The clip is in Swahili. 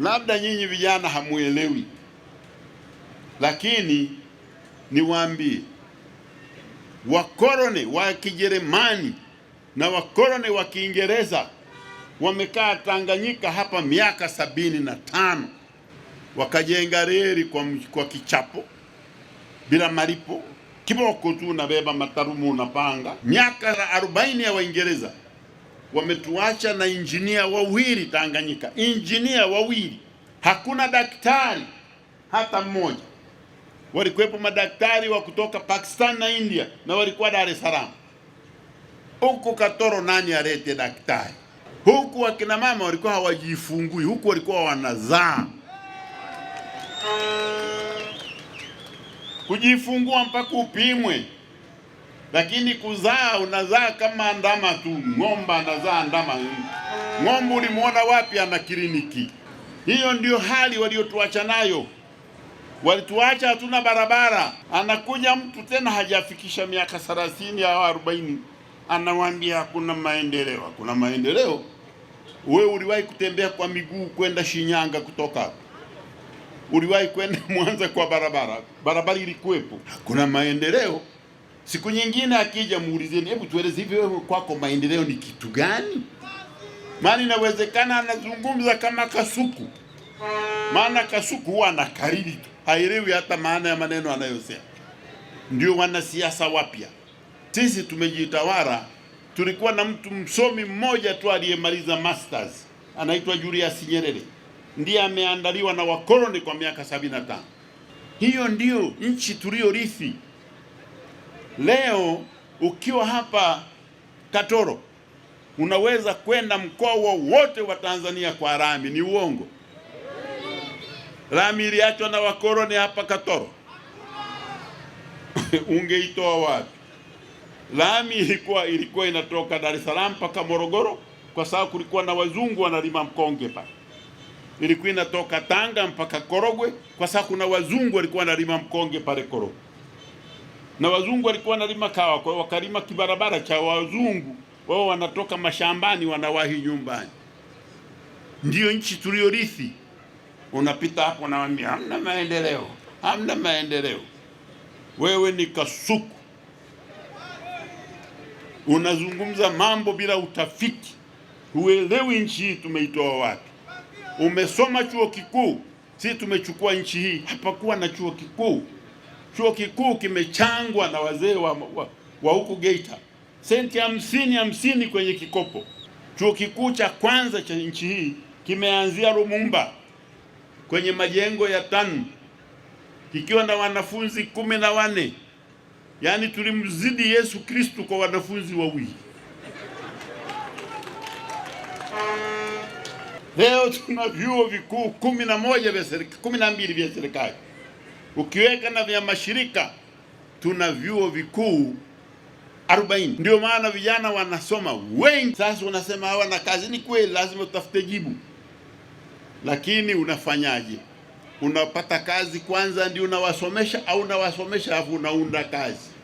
Labda nyinyi vijana hamuelewi, lakini niwaambie wakoloni wa Kijerumani na wakoloni wa Kiingereza wamekaa Tanganyika hapa miaka sabini na tano wakajenga reli kwa, kwa kichapo bila malipo, kiboko tu, unabeba matarumu unapanga. Miaka arobaini ya Waingereza wametuacha na injinia wawili Tanganyika, injinia wawili, hakuna daktari hata mmoja. Walikuwepo madaktari wa kutoka Pakistan na India na walikuwa Dar es Salaam. Huku Katoro nani alete daktari? Huku wakina mama walikuwa hawajifungui, huku walikuwa wanazaa. Kujifungua mpaka upimwe lakini kuzaa unazaa kama ndama tu. Ng'omba anazaa ndama, ng'ombe ulimwona wapi ana kliniki? Hiyo ndio hali waliotuacha nayo, walituacha hatuna barabara. Anakuja mtu tena hajafikisha miaka thelathini au arobaini anawaambia hakuna maendeleo, hakuna maendeleo. We uliwahi kutembea kwa miguu kwenda Shinyanga kutoka uliwahi kwenda Mwanza kwa barabara, barabara ilikuwepo, hakuna maendeleo. Siku nyingine akija muulizeni, hebu tueleze hivi, wewe kwako maendeleo ni kitu gani? Maana inawezekana anazungumza kama kasuku, maana kasuku huwa anakariri tu, haelewi hata maana ya maneno anayosema. Ndio wanasiasa wapya. Sisi tumejitawala, tulikuwa na mtu msomi mmoja tu aliyemaliza masters, anaitwa Julius Nyerere, ndiye ameandaliwa na wakoloni kwa miaka 75. Hiyo ndiyo nchi tuliyorithi. Leo ukiwa hapa Katoro unaweza kwenda mkoa wowote wa Tanzania kwa rami. Ni uongo. Rami iliachwa na wakoroni hapa Katoro. Ungeitoa wapi? Rami ilikuwa ilikuwa inatoka Dar es Salaam mpaka Morogoro, kwa sababu kulikuwa na wazungu wanalima mkonge pale. Ilikuwa inatoka Tanga mpaka Korogwe, kwa sababu kuna wazungu walikuwa wanalima mkonge pale Korogwe na wazungu walikuwa wanalima kawa, kwa wakalima kibarabara cha wazungu, wao wanatoka mashambani wanawahi nyumbani. ndio nchi tuliyorithi. Unapita hapo nawaambia, hamna maendeleo, hamna maendeleo. Wewe ni kasuku, unazungumza mambo bila utafiti, huelewi nchi hii tumeitoa wapi. Umesoma chuo kikuu, si tumechukua nchi hii, hapakuwa na chuo kikuu chuo kikuu kimechangwa na wazee wa huku wa Geita, senti hamsini hamsini kwenye kikopo. Chuo kikuu cha kwanza cha nchi hii kimeanzia Rumumba kwenye majengo ya TANU kikiwa na wanafunzi kumi na wane. Yaani tulimzidi Yesu Kristu kwa wanafunzi wawili. Leo tuna vyuo vikuu kumi na moja vya serikali, kumi na mbili vya serikali ukiweka na vya mashirika tuna vyuo vikuu 40. Ndio maana vijana wanasoma wengi. Sasa unasema hawa na kazi, ni kweli, lazima utafute jibu, lakini unafanyaje? Unapata kazi kwanza ndio unawasomesha, au unawasomesha alafu unaunda kazi?